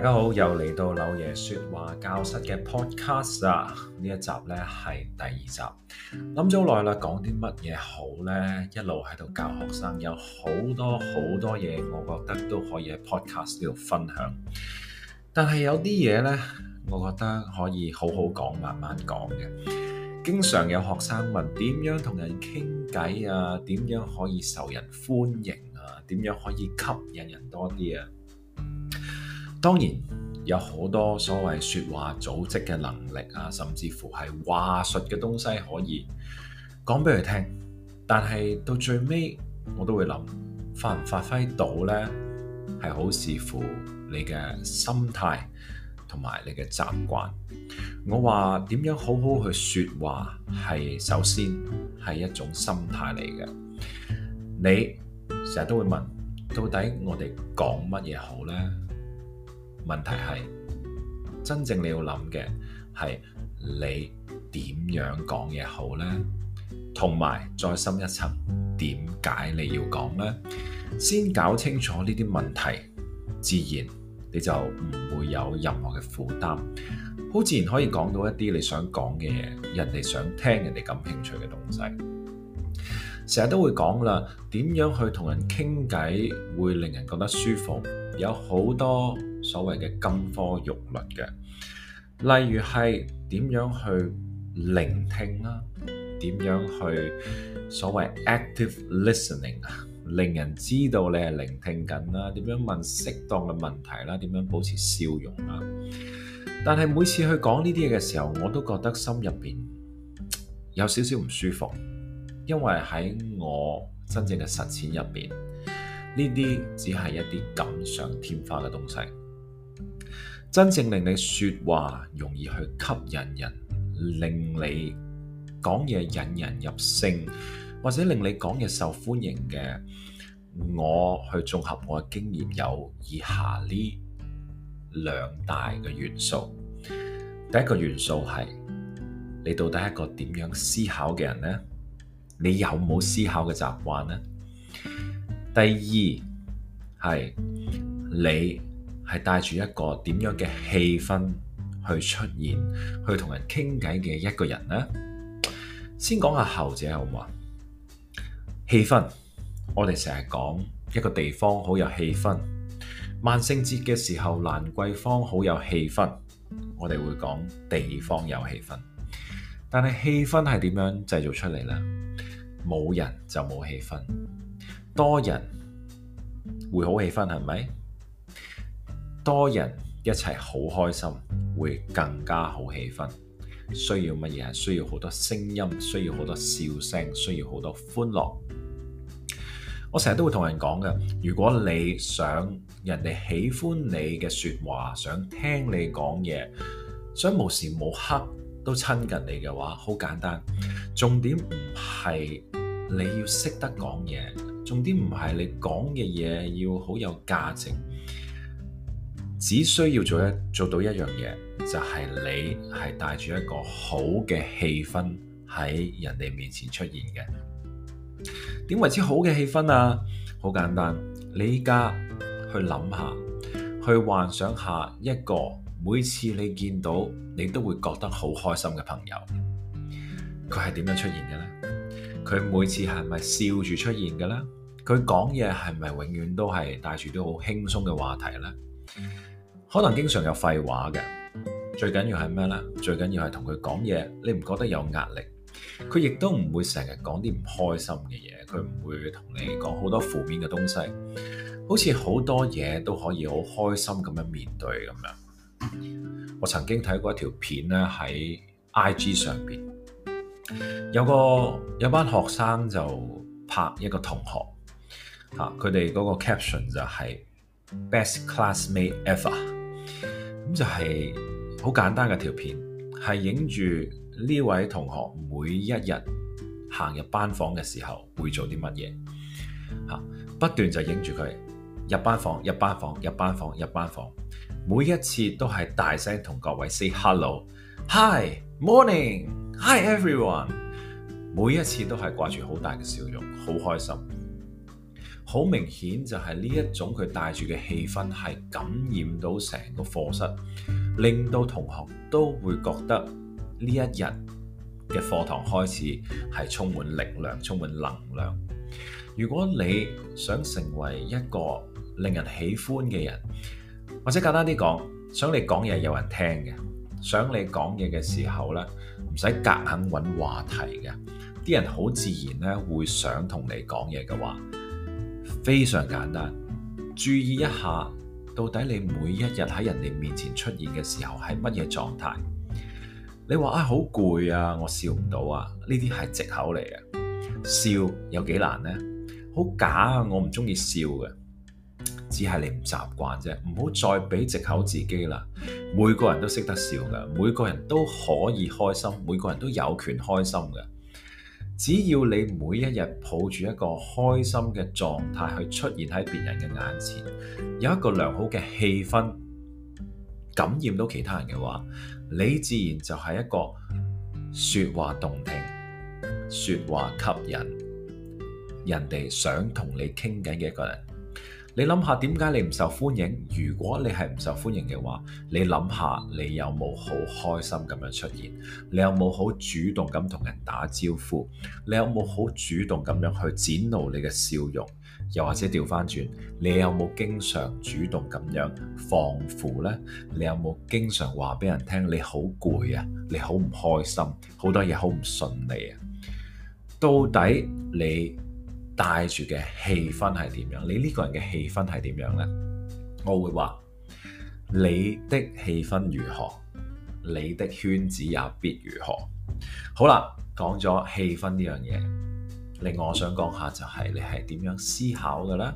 大家好，又嚟到柳爺說話教室嘅 podcast 啊！呢一集呢係第二集，諗咗耐啦，講啲乜嘢好呢？一路喺度教學生，有好多好多嘢，我覺得都可以喺 podcast 呢度分享。但係有啲嘢呢，我覺得可以好好講，慢慢講嘅。經常有學生問：點樣同人傾偈啊？點樣可以受人歡迎啊？點樣可以吸引人多啲啊？當然有好多所謂説話組織嘅能力啊，甚至乎係話術嘅東西可以講俾佢聽。但係到最尾，我都會諗發唔發揮到呢？係好視乎你嘅心態同埋你嘅習慣。我話點樣好好去説話，係首先係一種心態嚟嘅。你成日都會問「到底我哋講乜嘢好呢？」問題係真正你要諗嘅係你點樣講嘢好呢？同埋再深一層，點解你要講呢？先搞清楚呢啲問題，自然你就唔會有任何嘅負擔，好自然可以講到一啲你想講嘅嘢，人哋想聽，人哋感興趣嘅東西。成日都會講啦，點樣去同人傾偈會令人覺得舒服？有好多所謂嘅金科玉律嘅，例如係點樣去聆聽啦，點樣去所謂 active listening 啊，令人知道你係聆聽緊啦，點樣問適當嘅問題啦，點樣保持笑容啦。但係每次去講呢啲嘢嘅時候，我都覺得心入面有少少唔舒服，因為喺我真正嘅實踐入面。呢啲只係一啲錦上添花嘅東西，真正令你說話容易去吸引人，令你講嘢引人入勝，或者令你講嘢受歡迎嘅，我去綜合我嘅經驗有以下呢兩大嘅元素。第一個元素係你到底係一個點樣思考嘅人呢？你有冇思考嘅習慣呢？第二係你係帶住一個點樣嘅氣氛去出現，去同人傾偈嘅一個人呢。先講下後者好唔好？氣氛，我哋成日講一個地方好有氣氛，萬聖節嘅時候蘭桂坊好有氣氛，我哋會講地方有氣氛。但係氣氛係點樣製造出嚟呢？冇人就冇氣氛。多人會好氣氛，係咪？多人一齊好開心，會更加好氣氛。需要乜嘢？需要好多聲音，需要好多笑聲，需要好多歡樂。我成日都會同人講嘅，如果你想人哋喜歡你嘅説話，想聽你講嘢，想無時無刻都親近你嘅話，好簡單。重點唔係你要識得講嘢。重點唔係你講嘅嘢要好有價值，只需要做一，做到一樣嘢，就係你係帶住一個好嘅氣氛喺人哋面前出現嘅。點為之好嘅氣氛啊？好簡單，你依家去諗下，去幻想一下一個，每次你見到你都會覺得好開心嘅朋友，佢係點樣出現嘅呢？佢每次係咪笑住出現嘅呢？佢講嘢係咪永遠都係帶住啲好輕鬆嘅話題咧？可能經常有廢話嘅。最緊要係咩呢？最緊要係同佢講嘢，你唔覺得有壓力。佢亦都唔會成日講啲唔開心嘅嘢，佢唔會同你講好多負面嘅東西。好似好多嘢都可以好開心咁樣面對咁樣。我曾經睇過一條片咧，喺 IG 上面，有個有班學生就拍一個同學。啊！佢哋嗰個 caption 就係 best classmate ever，咁就係好簡單嘅條片，係影住呢位同學每一日行入班房嘅時候會做啲乜嘢。嚇不斷就影住佢入班房、入班房、入班房、入班房，每一次都係大聲同各位 say hello，hi morning，hi everyone，每一次都係掛住好大嘅笑容，好開心。好明顯就係呢一種佢帶住嘅氣氛係感染到成個課室，令到同學都會覺得呢一日嘅課堂開始係充滿力量、充滿能量。如果你想成為一個令人喜歡嘅人，或者簡單啲講，想你講嘢有人聽嘅，想你講嘢嘅時候呢，唔使夾硬揾話題嘅，啲人好自然呢會想同你講嘢嘅話。非常簡單，注意一下，到底你每一日喺人哋面前出現嘅時候係乜嘢狀態？你話啊好攰啊，我笑唔到啊，呢啲係藉口嚟嘅。笑有幾難呢？好假啊，我唔鍾意笑嘅，只係你唔習慣啫。唔好再俾藉口自己啦。每個人都識得笑㗎，每個人都可以開心，每個人都有權開心嘅。只要你每一日抱住一個開心嘅狀態去出現喺別人嘅眼前，有一個良好嘅氣氛感染到其他人嘅話，你自然就係一個說話動聽、說話吸引、人哋想同你傾偈嘅一個人。你諗下點解你唔受歡迎？如果你係唔受歡迎嘅話，你諗下你有冇好開心咁樣出現？你有冇好主動咁同人打招呼？你有冇好主動咁樣去展露你嘅笑容？又或者調翻轉，你有冇經常主動咁樣放負呢？你有冇經常話俾人聽你好攰啊？你好唔開心，好多嘢，好唔順利啊？到底你帶住嘅氣氛係點樣？你呢個人嘅氣氛係點樣呢？我會話你的氣氛如何，你的圈子也必如何。好啦，講咗氣氛呢樣嘢，另外我想講下就係你係點樣思考嘅呢。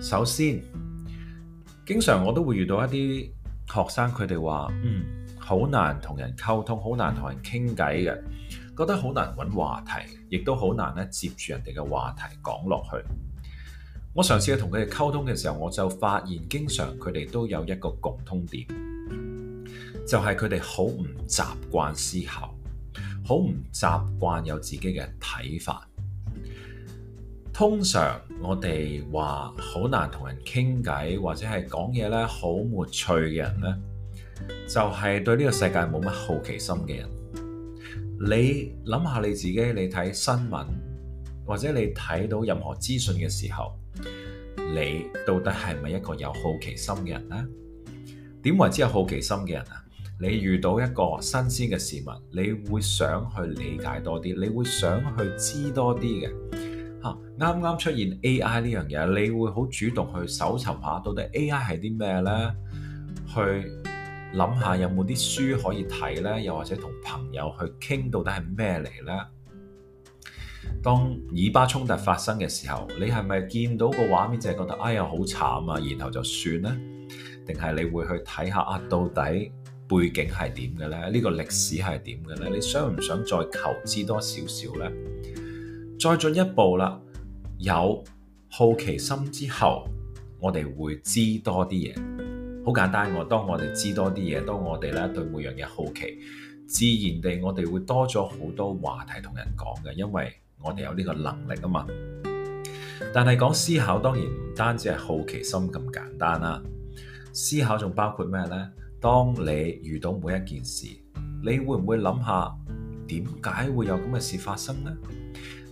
首先，經常我都會遇到一啲學生，佢哋話：嗯，好難同人溝通，好難同人傾偈嘅。覺得好難揾話題，亦都好難呢，接住人哋嘅話題講落去。我嘗試去同佢哋溝通嘅時候，我就發現經常佢哋都有一個共通點，就係佢哋好唔習慣思考，好唔習慣有自己嘅睇法。通常我哋話好難同人傾偈，或者係講嘢呢，好沒趣嘅人呢，就係、是、對呢個世界冇乜好奇心嘅人。你諗下你自己，你睇新聞或者你睇到任何資訊嘅時候，你到底係咪一個有好奇心嘅人呢？點為之有好奇心嘅人啊？你遇到一個新鮮嘅事物，你會想去理解多啲，你會想去知多啲嘅。啊，啱啱出現 AI 呢樣嘢，你會好主動去搜尋下，「到底 AI 係啲咩呢？」去。諗下有冇啲書可以睇呢？又或者同朋友去傾，到底係咩嚟呢？當以巴衝突發生嘅時候，你係咪見到個畫面就係覺得哎呀好慘啊，然後就算呢？定係你會去睇下啊？到底背景係點嘅咧？這個，歷呢個歷史係點嘅咧？你想唔想再求知多少少呢？再進一步啦，有好奇心之後，我哋會知多啲嘢。好簡單嘅、啊，當我哋知多啲嘢，當我哋咧對每樣嘢好奇，自然地我哋會多咗好多話題同人講嘅，因為我哋有呢個能力啊嘛。但係講思考當然唔單止係好奇心咁簡單啦、啊，思考仲包括咩呢？當你遇到每一件事，你會唔會諗下點解會有咁嘅事發生呢？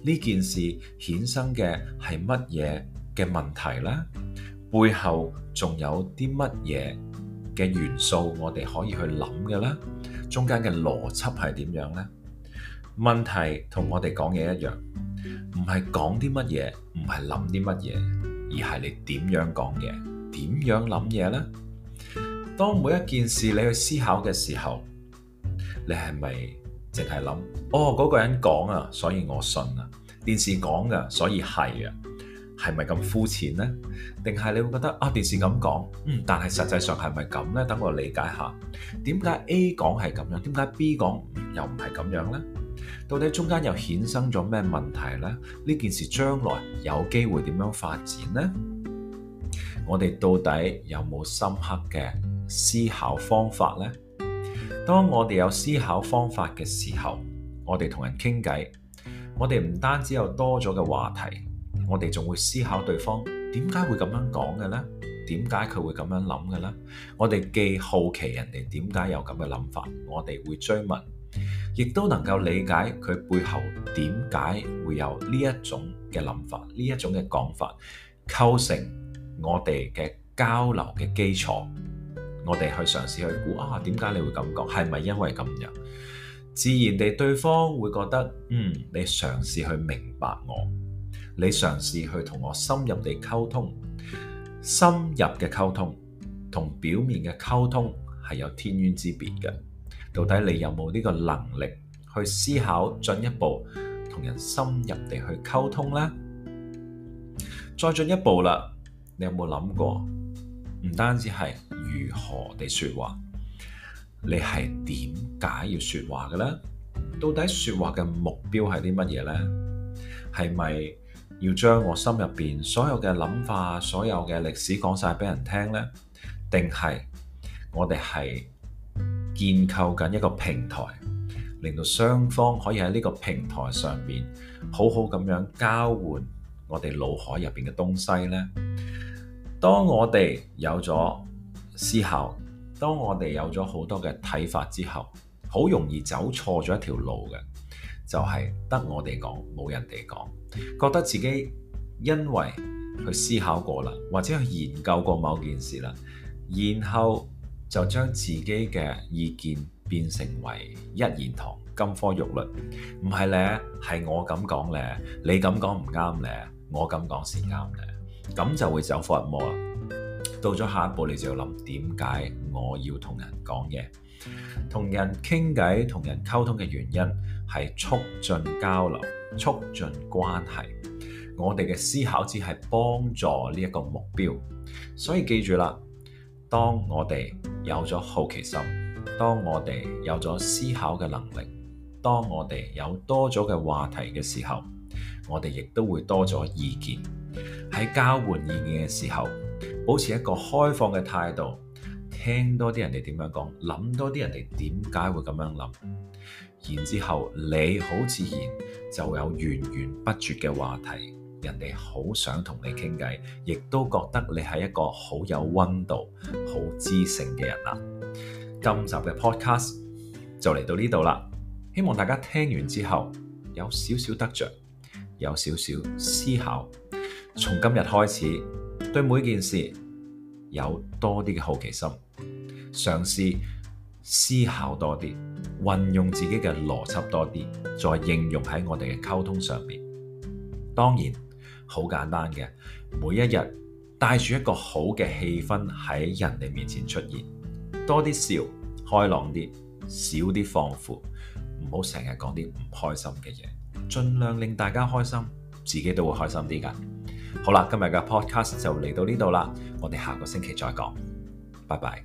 呢件事衍生嘅係乜嘢嘅問題呢？背後仲有啲乜嘢嘅元素，我哋可以去諗嘅咧？中間嘅邏輯係點樣咧？問題同我哋講嘢一樣，唔係講啲乜嘢，唔係諗啲乜嘢，而係你點樣講嘢，點樣諗嘢咧？當每一件事你去思考嘅時候，你係咪淨係諗？哦，嗰個人講啊，所以我信啊，電視講啊，所以係啊。係咪咁膚淺呢？定係你會覺得「啊電視咁講，嗯，但係實際上係咪咁呢？」等我理解下，點解 A 講係咁樣？點解 B 講又唔係咁樣呢？到底中間又衍生咗咩問題呢？呢件事將來有機會點樣發展呢？我哋到底有冇深刻嘅思考方法呢？當我哋有思考方法嘅時候，我哋同人傾偈，我哋唔單止有多咗嘅話題。我哋仲會思考對方點解會咁樣講嘅咧？點解佢會咁樣諗嘅咧？我哋既好奇人哋點解有咁嘅諗法，我哋會追問，亦都能夠理解佢背後點解會有呢一種嘅諗法，呢一種嘅講法，構成我哋嘅交流嘅基礎。我哋去嘗試去估啊，點解你會咁講？係咪因為咁樣？自然地，對方會覺得嗯，你嘗試去明白我。你嘗試去同我深入地溝通，深入嘅溝通同表面嘅溝通係有天淵之別嘅。到底你有冇呢個能力去思考進一步同人深入地去溝通咧？再進一步啦，你有冇諗過？唔單止係如何地説話，你係點解要説話嘅咧？到底説話嘅目標係啲乜嘢咧？係咪？要將我心入邊所有嘅諗法、所有嘅歷史講曬俾人聽呢，定係我哋係建構緊一個平台，令到雙方可以喺呢個平台上面好好咁樣交換我哋腦海入面嘅東西呢？當我哋有咗思考，當我哋有咗好多嘅睇法之後，好容易走錯咗一條路嘅。就係得我哋講，冇人哋講，覺得自己因為去思考過啦，或者去研究過某件事啦，然後就將自己嘅意見變成為一言堂、金科玉律，唔係咧，係我咁講咧，你咁講唔啱咧，我咁講先啱咧，咁就會走佛入魔，走火入魔啦。到咗下一步，你就要諗點解我要同人講嘢，同人傾偈，同人溝通嘅原因。係促進交流，促進關係，我哋嘅思考只係幫助呢一個目標。所以記住啦，當我哋有咗好奇心，當我哋有咗思考嘅能力，當我哋有多咗嘅話題嘅時候，我哋亦都會多咗意見。喺交換意見嘅時候，保持一個開放嘅態度，聽多啲人哋點樣講，諗多啲人哋點解會咁樣諗。然之後，你好自然就有源源不絕嘅話題，人哋好想同你傾偈，亦都覺得你係一個好有温度、好知性嘅人啦。今集嘅 Podcast 就嚟到呢度啦，希望大家聽完之後有少少得着，有少少思考，從今日開始對每件事有多啲嘅好奇心，嘗試。思考多啲，運用自己嘅邏輯多啲，再應用喺我哋嘅溝通上面。當然，好簡單嘅，每一日帶住一個好嘅氣氛喺人哋面前出現，多啲笑，開朗啲，少啲放負，唔好成日講啲唔開心嘅嘢，盡量令大家開心，自己都會開心啲㗎。好啦，今日嘅 podcast 就嚟到呢度啦，我哋下個星期再講，拜拜。